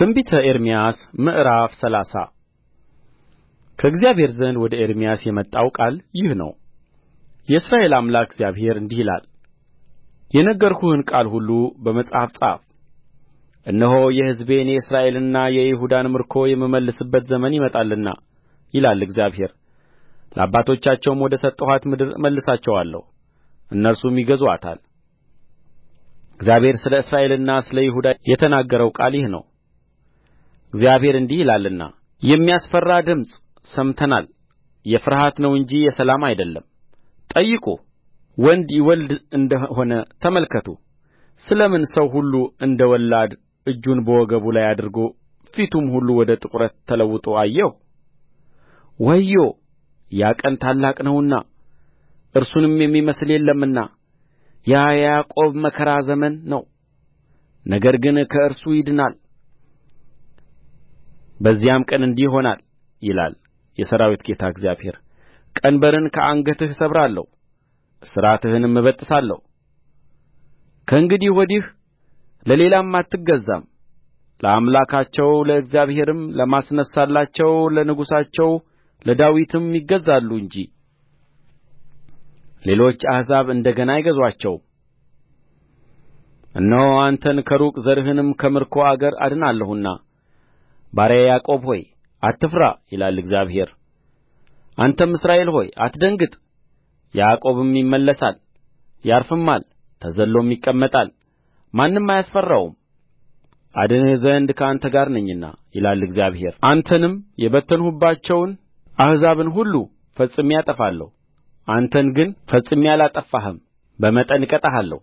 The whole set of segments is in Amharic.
ትንቢተ ኤርምያስ ምዕራፍ ሰላሳ ከእግዚአብሔር ዘንድ ወደ ኤርምያስ የመጣው ቃል ይህ ነው የእስራኤል አምላክ እግዚአብሔር እንዲህ ይላል የነገርሁህን ቃል ሁሉ በመጽሐፍ ጻፍ እነሆ የሕዝቤን የእስራኤልንና የይሁዳን ምርኮ የምመልስበት ዘመን ይመጣልና ይላል እግዚአብሔር ለአባቶቻቸውም ወደ ሰጠኋት ምድር እመልሳቸዋለሁ እነርሱም ይገዙአታል እግዚአብሔር ስለ እስራኤልና ስለ ይሁዳ የተናገረው ቃል ይህ ነው እግዚአብሔር እንዲህ ይላልና የሚያስፈራ ድምፅ ሰምተናል የፍርሃት ነው እንጂ የሰላም አይደለም ጠይቁ ወንድ ይወልድ እንደ ሆነ ተመልከቱ ስለ ምን ሰው ሁሉ እንደ ወላድ እጁን በወገቡ ላይ አድርጎ ፊቱም ሁሉ ወደ ጥቁረት ተለውጦ አየሁ ወዮ ያ ቀን ታላቅ ነውና እርሱንም የሚመስል የለምና ያ የያዕቆብ መከራ ዘመን ነው ነገር ግን ከእርሱ ይድናል በዚያም ቀን እንዲህ ይሆናል ይላል የሠራዊት ጌታ እግዚአብሔር ቀንበርን ከአንገትህ እሰብራለሁ እስራትህንም እበጥሳለሁ ከእንግዲህ ወዲህ ለሌላም አትገዛም ለአምላካቸው ለእግዚአብሔርም ለማስነሣላቸው ለንጉሣቸው ለዳዊትም ይገዛሉ እንጂ ሌሎች አሕዛብ እንደ ገና አይገዙአቸውም እነሆ አንተን ከሩቅ ዘርህንም ከምርኮ አገር አድናለሁና ባሪያዬ ያዕቆብ ሆይ አትፍራ ይላል እግዚአብሔር አንተም እስራኤል ሆይ አትደንግጥ ያዕቆብም ይመለሳል ያርፍማል ተዘልሎም ይቀመጣል ማንም አያስፈራውም አድንህ ዘንድ ከአንተ ጋር ነኝና ይላል እግዚአብሔር አንተንም የበተንሁባቸውን አሕዛብን ሁሉ ፈጽሜ አጠፋለሁ አንተን ግን ፈጽሜ አላጠፋህም በመጠን እቀጣሃለሁ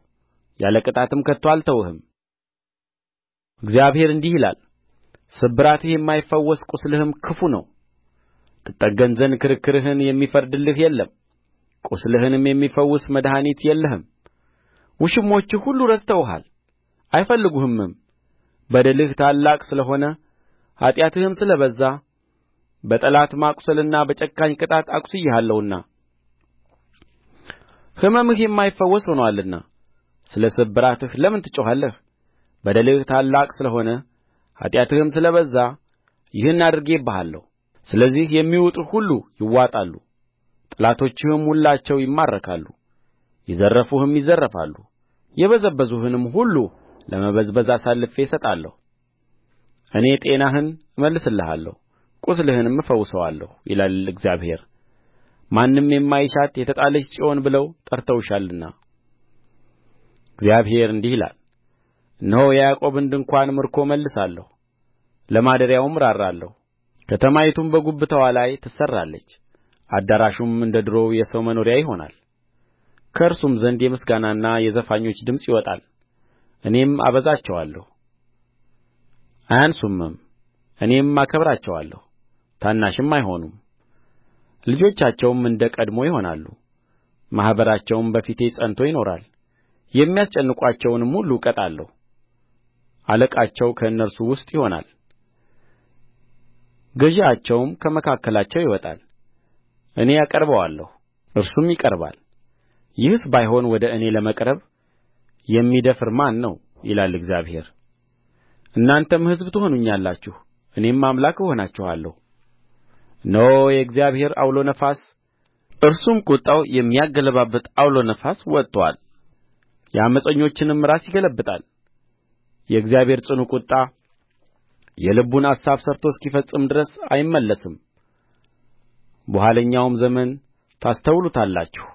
ያለ ቅጣትም ከቶ አልተውህም እግዚአብሔር እንዲህ ይላል ስብራትህ የማይፈወስ ቍስልህም ክፉ ነው ትጠገን ዘንድ ክርክርህን የሚፈርድልህ የለም ቍስልህንም የሚፈውስ መድኃኒት የለህም ውሽሞችህ ሁሉ ረስተውሃል አይፈልጉህምም በደልህ ታላቅ ስለ ሆነ ኃጢአትህም ስለ በዛ በጠላት ማቍሰልና በጨካኝ ቅጣት አቍስዬሃለሁና ሕመምህ የማይፈወስ ሆኖአልና ስለ ስብራትህ ለምን ትጮኻለህ በደልህ ታላቅ ስለ ሆነ ኃጢአትህም ስለ በዛ ይህን አድርጌብሃለሁ ስለዚህ የሚውጡህ ሁሉ ይዋጣሉ ጠላቶችህም ሁላቸው ይማረካሉ የዘረፉህም ይዘረፋሉ የበዘበዙህንም ሁሉ ለመበዝበዝ አሳልፌ እሰጣለሁ እኔ ጤናህን እመልስልሃለሁ ቍስልህንም እፈውሰዋለሁ ይላል እግዚአብሔር ማንም የማይሻት የተጣለች ጽዮን ብለው ጠርተውሻልና እግዚአብሔር እንዲህ ይላል እነሆ የያዕቆብን ድንኳን ምርኮ እመልሳለሁ ለማደሪያውም እራራለሁ ከተማይቱም በጉብታዋ ላይ ትሠራለች አዳራሹም እንደ ዱሮው የሰው መኖሪያ ይሆናል ከእርሱም ዘንድ የምስጋናና የዘፋኞች ድምፅ ይወጣል እኔም አበዛቸዋለሁ አያንሱምም እኔም አከብራቸዋለሁ ታናሽም አይሆኑም ልጆቻቸውም እንደ ቀድሞ ይሆናሉ ማኅበራቸውም በፊቴ ጸንቶ ይኖራል የሚያስጨንቋቸውንም ሁሉ እቀጣለሁ አለቃቸው ከእነርሱ ውስጥ ይሆናል ገዥአቸውም ከመካከላቸው ይወጣል እኔ አቀርበዋለሁ እርሱም ይቀርባል ይህስ ባይሆን ወደ እኔ ለመቅረብ የሚደፍር ማን ነው ይላል እግዚአብሔር እናንተም ሕዝብ ትሆኑኛላችሁ እኔም አምላክ እሆናችኋለሁ እነሆ የእግዚአብሔር ዐውሎ ነፋስ እርሱም ቍጣው የሚያገለባብጥ ዐውሎ ነፋስ ወጥቶአል የዓመፀኞችንም ራስ ይገለብጣል የእግዚአብሔር ጽኑ ቍጣ የልቡን አሳብ ሠርቶ እስኪፈጽም ድረስ አይመለስም በኋለኛውም ዘመን ታስተውሉታላችሁ